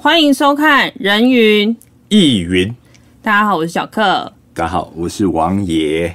歡迎收看《人云易云》，大家好，我是小克。大家好，我是王爺。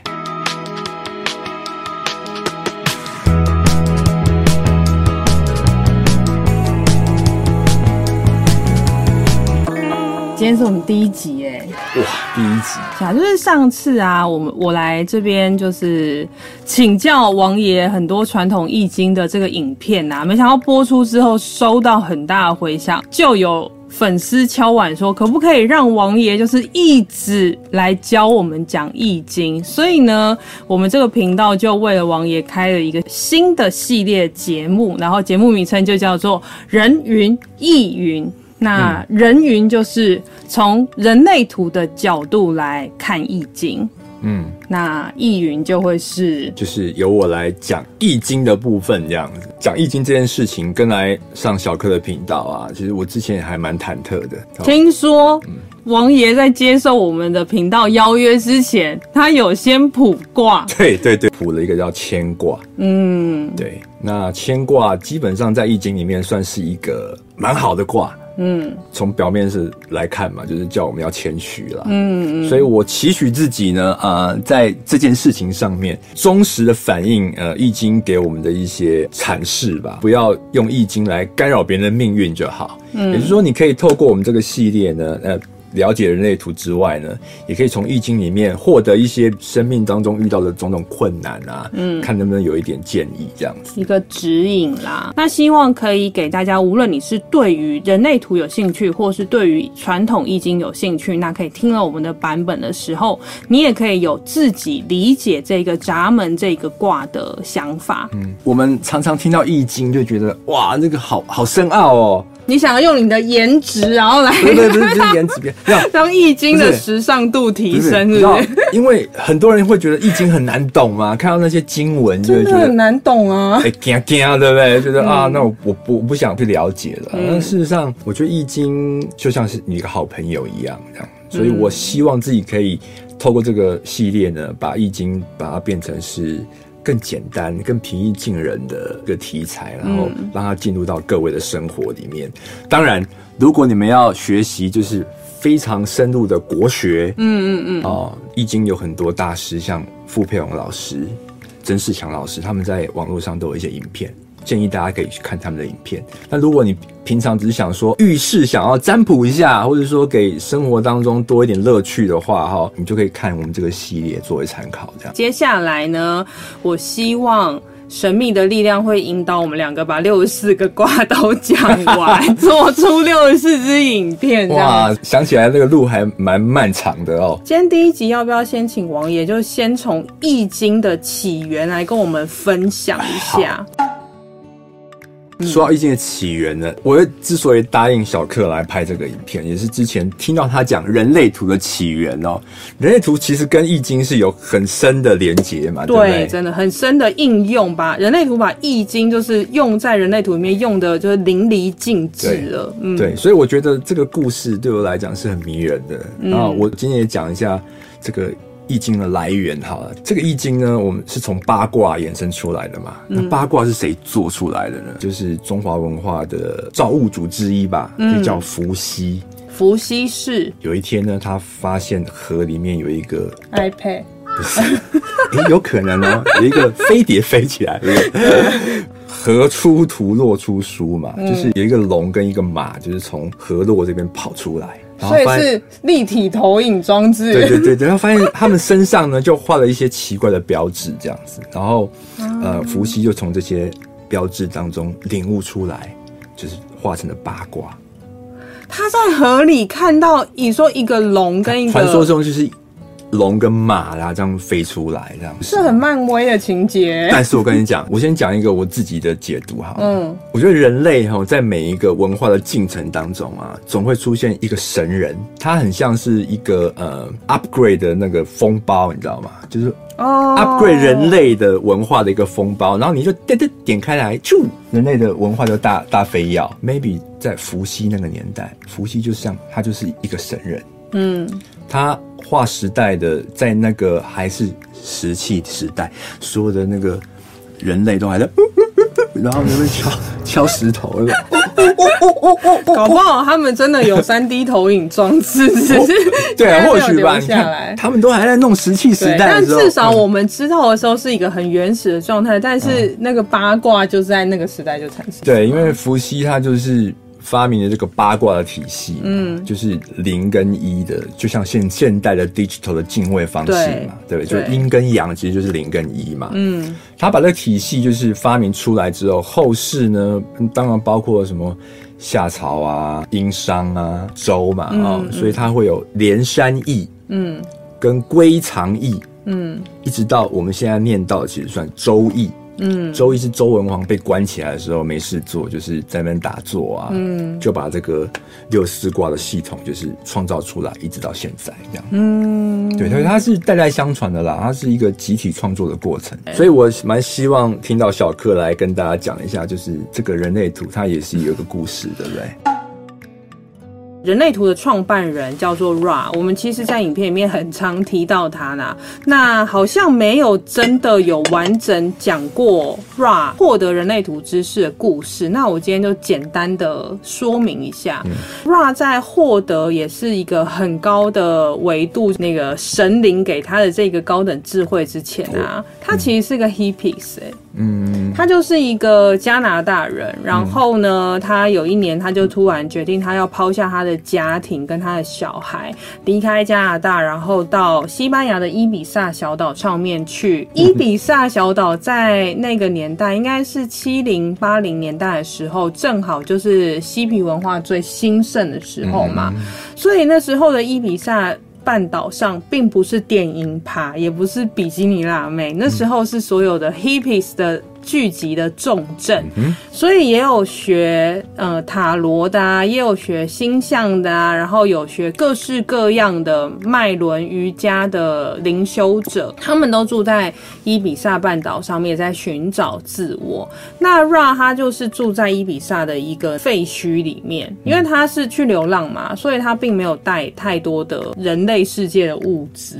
今天是我們第一集，哎，哇，第一集假就是上次啊，我們我來這邊就是請教王爺很多傳統易經的這個影片吶、啊，沒想到播出之後收到很大的回響，就有。粉絲敲碗說：“可不可以讓王爺就是一直來教我們講易經？”所以呢，我們這個頻道就為了王爺開了一個新的系列節目，然後節目名稱就叫做《人云易云》。那“人云”就是從人類圖的角度來看易經。嗯，那易雲就會是，就是由我來講易經的部分這樣子。講易經這件事情，跟來上小克的頻道啊，其實我之前還蠻忐忑的。聽說、嗯、王爺在接受我們的頻道邀約之前，他有先卜卦。對對對，卜了一個叫乾卦。嗯，對，那乾卦基本上在易經裡面算是一個蠻好的卦。嗯，從表面是來看嘛，就是叫我們要謙虛了。嗯嗯，所以我期許自己呢，啊、呃，在這件事情上面，忠實的反映，呃《易經》給我們的一些闡釋吧，不要用《易經》來干擾別人的命運就好。嗯，也就是說，你可以透過我們這個系列呢，呃。了解人類圖之外呢，也可以從易經裡面獲得一些生命當中遇到的種種困難啊，嗯，看能不能有一點建議這樣子，一個指引啦。那希望可以給大家，無論你是對於人類圖有興趣，或是對於傳統易經有興趣，那可以聽了我們的版本的時候，你也可以有自己理解這個閘門這個卦的想法。嗯，我們常常聽到易經就覺得哇，那個好好深奧哦。你想要用你的顏值對對、就是、顏值，然後來對對對，顏值變這樣，讓易經的時尚度提升 ，因為很多人會覺得易經很難懂嘛、啊，看到那些經文，就會覺得很難懂啊，哎，驚啊，對不對？覺得、嗯、啊，那我我不我不想去了解了、嗯。但事實上，我覺得易經就像是你一個好朋友一樣，這樣。所以我希望自己可以透過這個系列呢，把易經把它變成是。更簡單、更平易近人的一個題材，然後讓它進入到各位的生活裡面。嗯、當然，如果你們要學習，就是非常深入的國學，嗯嗯嗯，哦，《易經》有很多大師，像傅佩榮老師、曾仕強老師，他們在網絡上都有一些影片。建議大家可以去看他們的影片。那如果你平常只是想說遇事想要占卜一下，或者說給生活當中多一點樂趣的話，哈，你就可以看我們這個系列作為參考。這樣，接下來呢，我希望神秘的力量會引導我們兩個把六十四個卦都講完， 做出六十四支影片，啊。哇，想起來那個路還蠻漫長的哦。今天第一集要不要先請王爺，就先從《易經》的起源來跟我們分享一下？ 說到易經的起源呢，我之所以答應小克來拍這個影片，也是之前聽到他講人類圖的起源哦、喔。人類圖其實跟易經是有很深的連結嘛，對，對不對？真的很深的應用吧。人類圖把易經就是用在人類圖裡面用得，就是淋漓盡致了對、嗯。對，所以我覺得這個故事對我來講是很迷人的。然後我今天也講一下這個。易經的來源，好了，這個易經呢，我們是從八卦衍生出來的嘛。嗯、那八卦是誰做出來的呢？就是中華文化的造物主之一吧，嗯、就叫伏羲。伏羲是有一天呢，他發現河裡面有一個 iPad， 欸、有可能哦，有一個飛碟飛起來 河出圖，洛出書嘛，就是有一個龍跟一個馬，就是從河洛這邊跑出來。所以是立體投影裝置。對對對，對，然後發現他們身上呢就畫了一些奇怪的標誌，這樣子。然後，呃，伏、啊、羲就從這些標誌當中領悟出來，就是畫成了八卦。他在河裡看到，你說一個龍跟一個傳、啊、說中就是。龍跟馬啦、啊，這樣飛出來，這樣是很漫威的情節。但是我跟你講，我先講一個我自己的解讀，好，嗯，我覺得人類哈，在每一個文化的進程當中啊，總會出現一個神人，他很像是一個呃 upgrade 的那個封包，你知道嗎？就是 upgrade 人類的文化的一個封包，哦、然後你就點點點開來，就人類的文化就大大飛躍。Maybe 在伏羲那個年代，伏羲就像他就是一個神人，嗯，他。劃時代的，在那個還是石器時代，所有的那個人類都還在，然後會敲敲石頭了、哦哦哦哦哦。搞不好他們真的有 3D 投影裝置、哦是對。對，或許吧。你看，他們都還在弄石器時代時，但至少我們知道的時候是一個很原始的狀態、嗯。但是那個八卦就是在那個時代就產生了。對，因為伏羲他就是。發明的這個八卦的體系，嗯，就是零跟一的，就像現現代的 digital 的進位方式嘛，對不對？就陰跟陽其實就是零跟一嘛，嗯。他把這個體系就是發明出來之後，後世呢，當然包括了什麼夏朝啊、殷商啊、周嘛啊、嗯哦，所以他會有連山易，嗯，跟歸藏易，嗯，一直到我們現在念到的，其實算周易。嗯，周一是周文王被關起來的時候，沒事做，就是在那邊打坐啊、嗯，就把這個六十四卦的系統就是創造出來，一直到現在這樣。嗯，對，所以它是代代相傳的啦，它是一個集體創作的過程，所以我蠻希望聽到小克來跟大家講一下，就是這個人類圖它也是有一個故事，對不對？嗯人類圖的創辦人叫做 Ra，我們其實在影片裡面很常提到他啦，那好像沒有真的有完整講過 Ra 獲得人類圖知識的故事。那我今天就簡單的說明一下。嗯，Ra 在獲得也是一個很高的維度那個神靈給他的這個高等智慧之前啊，他其實是個 hippies 欸。嗯，他就是一個加拿大人，然後呢，他有一年，他就突然決定，他要拋下他的家庭跟他的小孩，離開加拿大，然後到西班牙的伊比薩小島上面去。伊比薩小島在那個年代，應該是七零八零年代的時候，正好就是嬉皮文化最興盛的時候嘛，所以那時候的伊比薩。半島上並不是電音趴，也不是比基尼辣妹，那時候是所有的 hippies 的聚集的重鎮。所以也有學呃塔羅的啊，也有學星象的啊，然後有學各式各樣的脈輪瑜伽的靈修者，他們都住在伊比薩半島上面，在尋找自我。那 Ra 他就是住在伊比薩的一個廢墟裡面，因為他是去流浪嘛，所以他並沒有帶太多的人類世界的物資，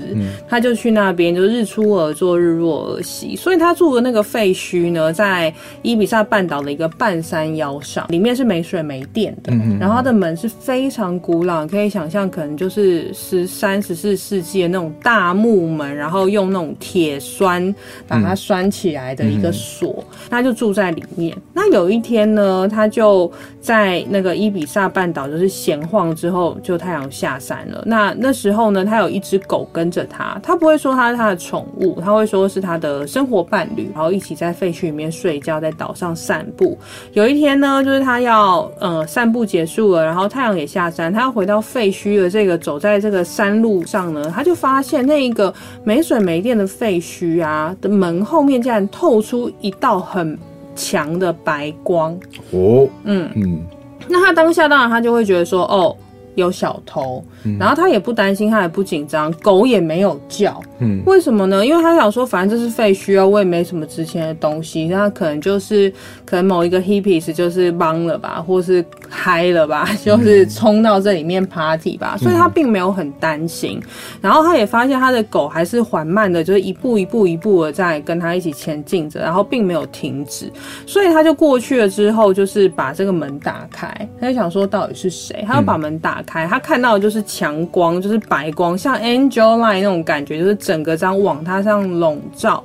他就去那邊就日出而作，日落而息，所以他住的那個廢墟呢，在伊比薩半島的一個半山腰上，裡面是沒水沒電的。然後它的門是非常古老，可以想象，可能就是十三、十四世紀的那種大木門，然後用那種鐵栓把它拴起來的一個鎖。他就住在裡面。那有一天呢，他就在那個伊比薩半島就是閒晃之後，就太陽下山了。那那時候呢，他有一隻狗跟着他，他不會說他是他的寵物，他會說是他的生活伴侶，然後一起在廢墟裡面睡覺，在島上散步。有一天呢，就是他要呃散步結束了，然後太陽也下山，他要回到廢墟的這個走在這個山路上呢，他就發現那一個沒水沒電的廢墟啊的門後面，竟然透出一道很強的白光。哦，嗯嗯，那他當下當然他就會覺得說，哦。有小偷，嗯，然後他也不擔心，他也不緊張，狗也沒有叫，嗯，為什麼呢？因為他想說，反正這是廢墟啊，我也沒什麼值錢的東西，那可能就是可能某一個 hippies 就是幫了吧，或是嗨了吧，嗯、就是衝到這裡面 party 吧、嗯，所以他並沒有很擔心。然後他也發現他的狗還是緩慢的，就是一步一步一步的在跟他一起前進着，然後並沒有停止，所以他就過去了之後，就是把這個門打開，他就想說到底是誰，他要把門打開。嗯他看到的就是強光，就是白光，像 Angeline 那種感覺，就是整個張網它上籠罩，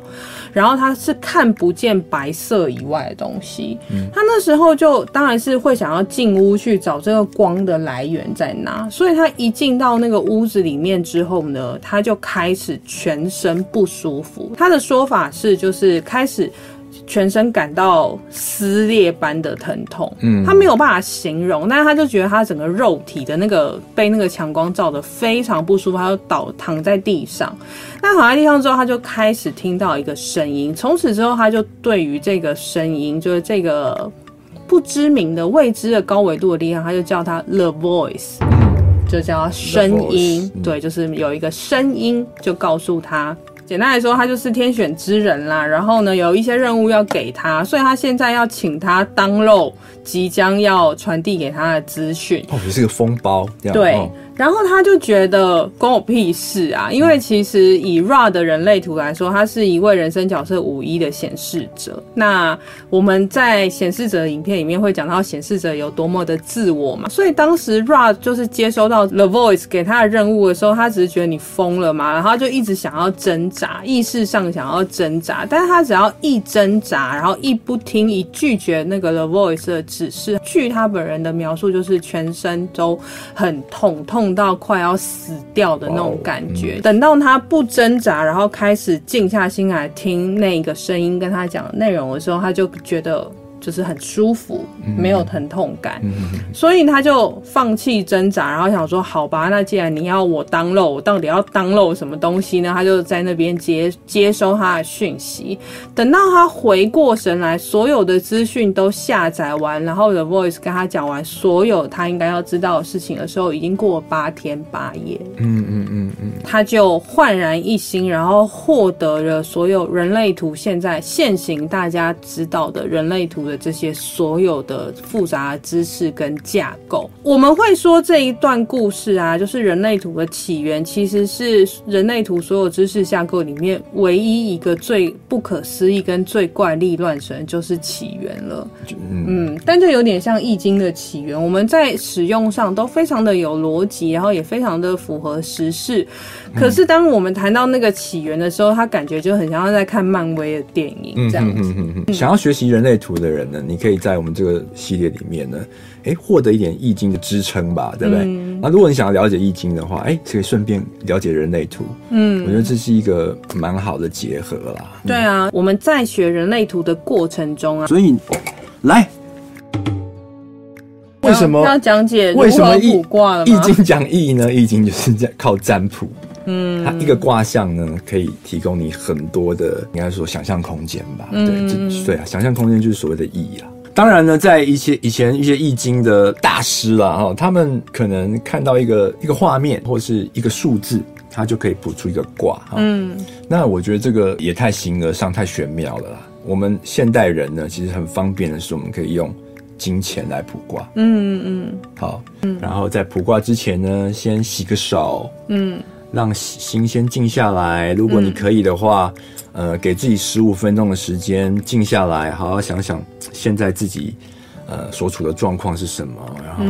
然後他是看不見白色以外的東西。嗯、他那時候就當然是會想要進屋去找這個光的來源在哪，所以他一進到那個屋子裡面之後呢，他就開始全身不舒服。他的說法是，就是開始。全身感到撕裂般的疼痛，嗯，他沒有辦法形容，但是他就覺得他整個肉體的那個被那個強光照得非常不舒服，他就倒躺在地上。那躺在地上之後，他就開始聽到一個聲音。從此之後，他就對於這個聲音，就是這個不知名的、未知的高維度的力量，他就叫他 The Voice，就叫他聲音。對，就是有一個聲音，就告訴他。簡單來說，他就是天選之人啦。然後呢，有一些任務要給他，所以他現在要請他 download，即將要傳遞給他的資訊。哦，也是個封包這樣子，對。哦。然後他就覺得關我屁事啊！因為其實以 Ra 的人類圖來說，他是一位人生角色五一的顯示者。那我們在顯示者的影片裡面會講到顯示者有多麼的自我嘛。所以當時 Ra 就是接收到 The Voice 給他的任務的時候，他只是覺得你瘋了嘛，然後就一直想要掙扎，意識上想要掙扎，但是他只要一掙扎，然後一不聽，一拒絕那個 The Voice 的指示，據他本人的描述，就是全身都很痛痛。到快要死掉的那種感覺，wow, um. 等到他不掙扎，然後開始靜下心來聽那個聲音跟他講的內容的時候，他就覺得。就是很舒服，沒有疼痛感，所以他就放棄掙扎，然後想說：“好吧，那既然你要我 download，我到底要 download 什麼東西呢？”他就在那邊接接收他的訊息，等到他回過神來，所有的資訊都下載完，然後 The Voice 跟他講完所有他應該要知道的事情的時候，已經過了八天八夜。嗯嗯嗯嗯，他就煥然一新，然後獲得了所有人類圖現在現行大家知道的人類圖。的這些所有的複雜的知識跟架構，我們會說這一段故事啊，就是人類圖的起源，其實是人類圖所有知識架構裡面唯一一個最不可思議跟最怪力亂神，就是起源了。嗯、嗯，但這有點像易經的起源，我們在使用上都非常的有邏輯，然後也非常的符合實事。可是當我們談到那個起源的時候，他感覺就很像在看漫威的電影、嗯、這樣子。嗯嗯嗯嗯嗯、想要學習人類圖的人，人呢？你可以在我們這個系列裡面呢，哎，獲得一點易經的支撐吧，對不對？那、嗯啊、如果你想要了解易經的話，哎，可以順便了解人類圖，嗯，我覺得這是一個蠻好的結合啦。嗯、對啊，我們在學人類圖的過程中啊，所以來，為什麼要，要講解為什麼易卦了？易經講易呢？易經就是在靠占卜。嗯，它一個卦象呢，可以提供你很多的，應該說想象空間吧。對、嗯，對啊，想象空間就是所謂的意義啊。當然呢，在一些以前一些易經的大師啦，哈、哦，他們可能看到一個一個畫面或是一個數字，他就可以卜出一個卦、哦。嗯，那我覺得這個也太形而上、太玄妙了啦。我們現代人呢，其實很方便的是，我們可以用金錢來卜卦。嗯嗯，好嗯，然後在卜卦之前呢，先洗個手。嗯。讓心先靜下來，如果你可以的話，嗯、呃，給自己十五分鐘的時間靜下來，好好想想現在自己，呃，所處的狀況是什麼。然後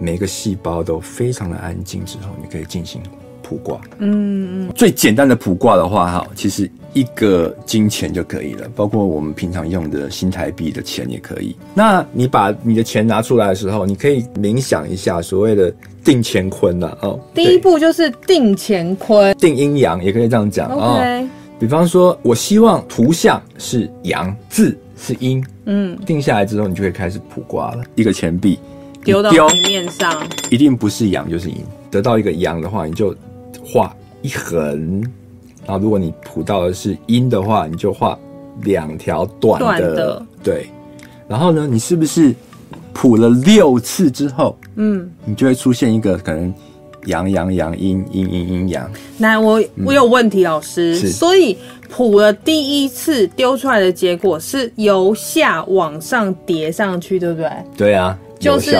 每個細胞都非常的安靜之後，你可以進行。卜卦，嗯嗯，最簡單的卜卦的話，哈，其實一個金錢就可以了，包括我們平常用的新台幣的錢也可以。那你把你的錢拿出來的時候，你可以冥想一下所謂的定乾坤吶、啊，哦，第一步就是定乾坤，定陰陽也可以這樣講啊、okay. 哦。比方說我希望圖像是陽，字是陰，嗯，定下來之後，你就會開始卜卦了。一個錢幣丟到平面上，一定不是陽就是陰。得到一個陽的話，你就。畫一橫，然後如果你卜到的是陰的話，你就畫兩條短的。對，然後呢，你是不是卜了六次之後，嗯，你就會出現一個可能陽陽陽陰陰陰陰陽。那我、嗯、我有問題，老師，所以卜了第一次丟出來的結果是由下往上疊上去，對不對？對啊。就是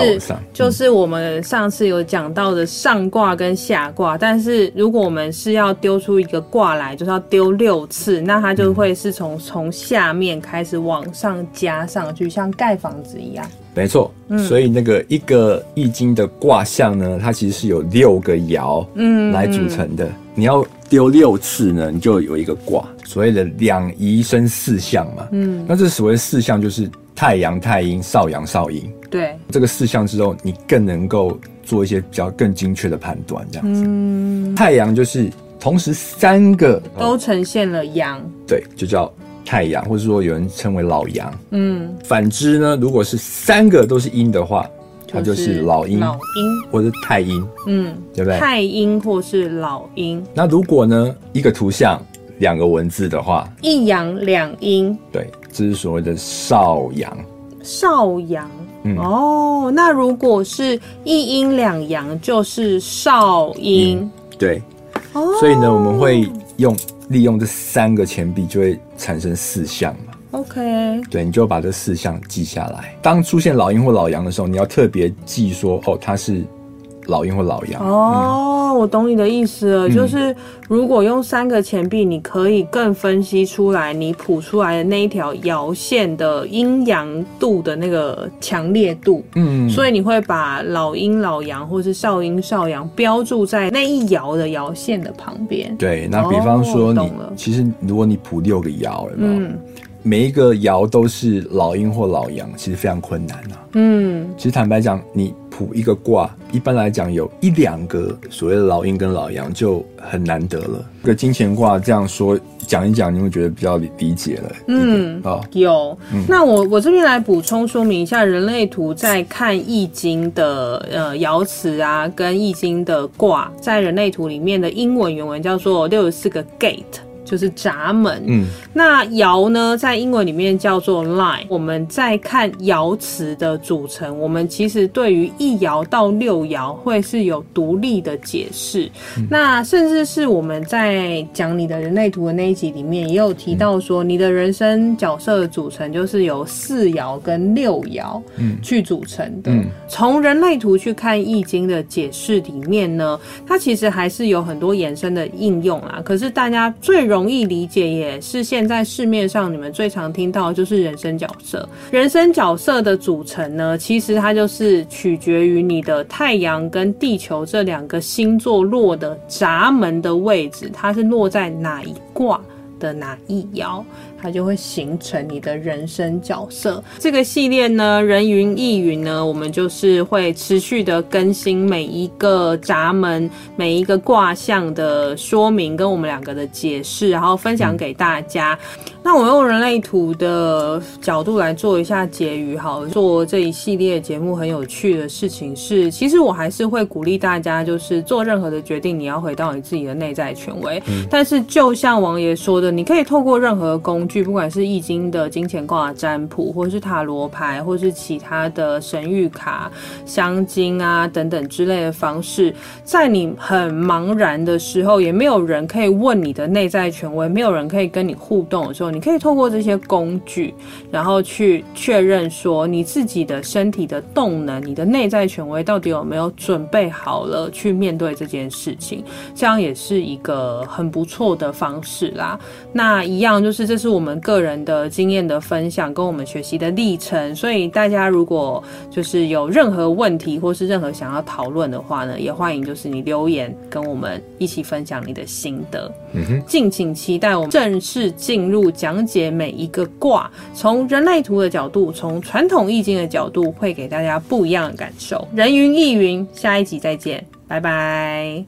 就是我們上次有講到的上卦跟下卦，嗯，但是如果我們是要丟出一個卦來，就是要丟六次，那它就會是從從、嗯、下面開始往上加上去，像蓋房子一樣。沒錯，所以那個一個易經的卦象呢，它其實是由六個爻，嗯，來組成的。嗯嗯，你要丟六次呢，你就有一個卦。所謂的兩儀生四象嘛，嗯，那這所謂四象就是太陽、太陰、少陽、少陰。對這個四象之後，你更能夠做一些比較更精確的判斷，這樣子。嗯、太陽就是同時三個都呈現了陽、哦，對，就叫太陽，或者說有人稱為老陽。嗯，反之呢，如果是三個都是陰的話，就是、它就是老陰、老陰，或者是太陰。嗯，對不對？太陰或是老陰。那如果呢，一個圖像，兩個文字的話，一陽兩陰，對，這是所謂的少陽。少陽。哦、嗯，oh, 那如果是一陰兩陽，就是少陰、嗯。對，哦、oh.，所以呢，我們會用利用這三個錢幣，就會產生四項嘛。OK，對，你就把這四項記下來。當出現老陰或老陽的時候，你要特別記說，哦，它是老陰或老陽。哦、oh. 嗯。我懂你的意思了，嗯，就是如果用三個錢幣，你可以更分析出來你卜出來的那一條爻線的陰陽度的那個強烈度。嗯，所以你會把老陰老陽或是少陰少陽標注在那一爻的爻線的旁邊。對，那比方說你，哦，其實如果你卜六個爻，有沒有？嗯，每一個爻都是老陰或老陽，其實非常困難啊。嗯，其實坦白講你。一個卦，一般來講有一兩個所謂的老陰跟老陽，就很難得了。這個金錢卦這樣說講一講，你會覺得比較理理解了。嗯，好、哦，有。嗯、那我我這邊來補充說明一下，人類圖在看《易經》的呃爻辭啊，跟《易經》的卦，在人類圖裡面的英文原文叫做六十四個 gate。就是閘門。嗯，那爻呢，在英文裡面叫做 line。我們再看爻辭的組成，我們其實對於一爻到六爻會是有獨立的解釋。嗯。那甚至是我們在講你的人類圖的那一集裡面，也有提到說，你的人生角色的組成就是由四爻跟六爻去組成的。從、嗯、人類圖去看《易經》的解釋裡面呢，它其實還是有很多延伸的應用啦。可是大家最容容易理解，也是現在市面上你們最常聽到，就是人生角色。人生角色的組成呢，其實它就是取決於你的太陽跟地球這兩個星座落的閘門的位置，它是落在哪一卦的哪一爻。它就會形成你的人生角色。這個系列呢，人云亦云呢，我們就是會持續的更新每一個閘門、每一個卦象的說明跟我們兩個的解釋，然後分享給大家。嗯、那我用人類圖的角度來做一下結語好，好做這一系列節目很有趣的事情是，其實我還是會鼓勵大家，就是做任何的決定，你要回到你自己的內在的權威、嗯。但是就像王爺說的，你可以透過任何的工具。不管是易經的金錢卦占卜，或是塔羅牌，或是其他的神諭卡、香精啊，等等之類的方式，在你很茫然的時候，也沒有人可以問你的內在權威，沒有人可以跟你互動的時候，你可以透過這些工具，然後去確認說你自己的身體的動能，你的內在權威到底有沒有準備好了去面對這件事情，這樣也是一個很不錯的方式啦。那一樣就是，這是我們。我們個人的經驗的分享，跟我們學習的歷程，所以大家如果就是有任何問題，或是任何想要討論的話呢，也歡迎就是你留言跟我們一起分享你的心得。嗯哼。敬請期待我們正式進入講解每一個卦，從人類圖的角度，從傳統易經的角度，會給大家不一樣的感受。人云亦云，下一集再見，拜拜。